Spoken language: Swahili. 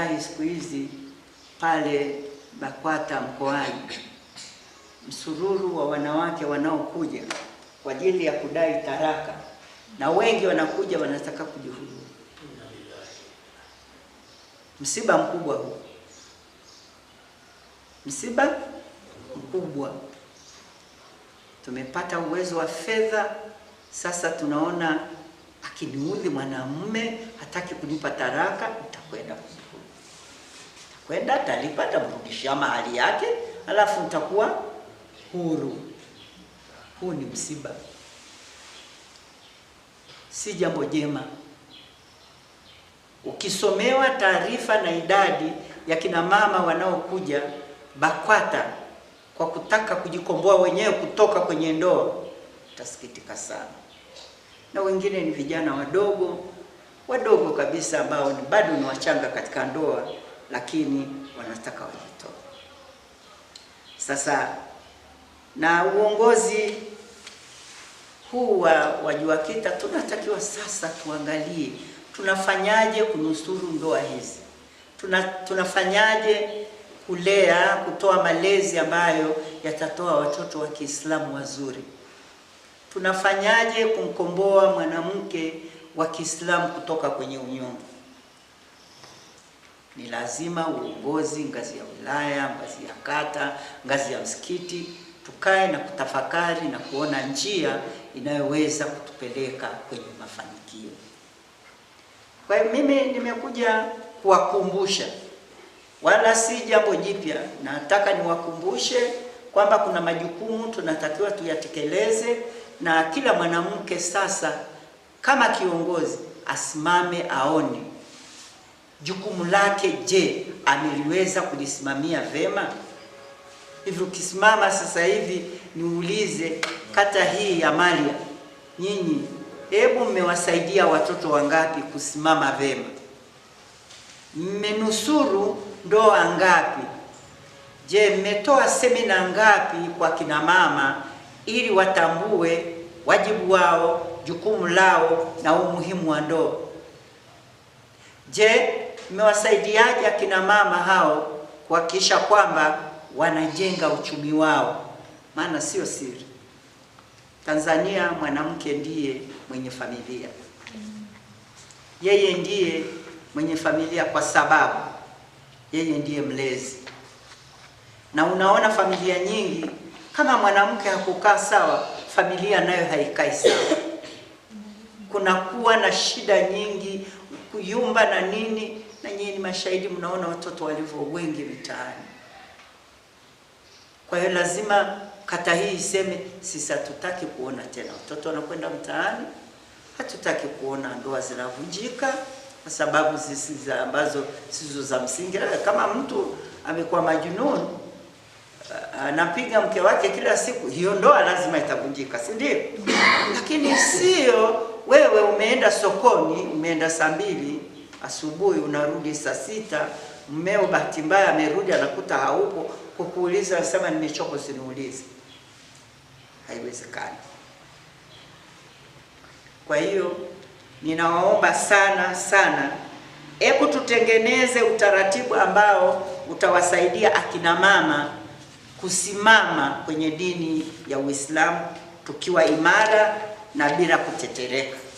rai siku hizi pale BAKWATA mkoani, msururu wa wanawake wanaokuja kwa ajili ya kudai taraka, na wengi wanakuja wanataka kujihudumia. Msiba mkubwa huu, msiba mkubwa. Tumepata uwezo wa fedha sasa, tunaona akiniudhi mwanamume hataki kunipa taraka kwenda talipa, tamrudishia mahali yake, alafu nitakuwa huru. Huu ni msiba, si jambo jema. Ukisomewa taarifa na idadi ya kina mama wanaokuja BAKWATA kwa kutaka kujikomboa wenyewe kutoka kwenye ndoa, utasikitika sana, na wengine ni vijana wadogo wadogo kabisa ambao bado ni wachanga katika ndoa lakini wanataka wajitoe. Sasa na uongozi huu wa JUAKITA tunatakiwa sasa tuangalie tunafanyaje kunusuru ndoa hizi, tuna, tunafanyaje kulea, kutoa malezi ambayo yatatoa watoto wa Kiislamu wazuri. Tunafanyaje kumkomboa mwanamke wa Kiislamu kutoka kwenye unyonge. Ni lazima uongozi ngazi ya wilaya, ngazi ya kata, ngazi ya msikiti tukae na kutafakari na kuona njia inayoweza kutupeleka kwenye mafanikio. Kwa hiyo mimi nimekuja kuwakumbusha, wala si jambo jipya. Nataka niwakumbushe kwamba kuna majukumu tunatakiwa tuyatekeleze, na kila mwanamke sasa kama kiongozi asimame aone Jukumu lake je, ameliweza kulisimamia vema? hivyo ukisimama sasa hivi niulize kata hii ya Malia, nyinyi hebu mmewasaidia watoto wangapi kusimama vema? Mmenusuru ndoa ngapi? Je, mmetoa semina ngapi kwa kina mama ili watambue wajibu wao, jukumu lao na umuhimu wa ndoa? Je, mmewasaidiaje akina mama hao kuhakikisha kwamba wanajenga uchumi wao? Maana sio siri, Tanzania mwanamke ndiye mwenye familia, yeye ndiye mwenye familia kwa sababu yeye ndiye mlezi. Na unaona familia nyingi, kama mwanamke hakukaa sawa, familia nayo haikai sawa, kunakuwa na shida nyingi kuyumba na nini, na nyinyi ni mashahidi, mnaona watoto walivyo wengi mitaani. Kwa hiyo lazima kata hii iseme sisi hatutaki kuona tena watoto wanakwenda mtaani, hatutaki kuona ndoa zinavunjika kwa sababu za ambazo sizo za msingi. Kama mtu amekuwa majununi eh, anapiga mke wake kila siku, hiyo ndoa lazima itavunjika, si ndio? Lakini sio wewe umeenda sokoni, umeenda saa mbili asubuhi, unarudi saa sita, mmeo bahati mbaya amerudi anakuta haupo, kukuuliza anasema nimechoka, usiniulize. Haiwezekani. Kwa hiyo ninawaomba sana sana, hebu tutengeneze utaratibu ambao utawasaidia akina mama kusimama kwenye dini ya Uislamu tukiwa imara na bila kutetereka.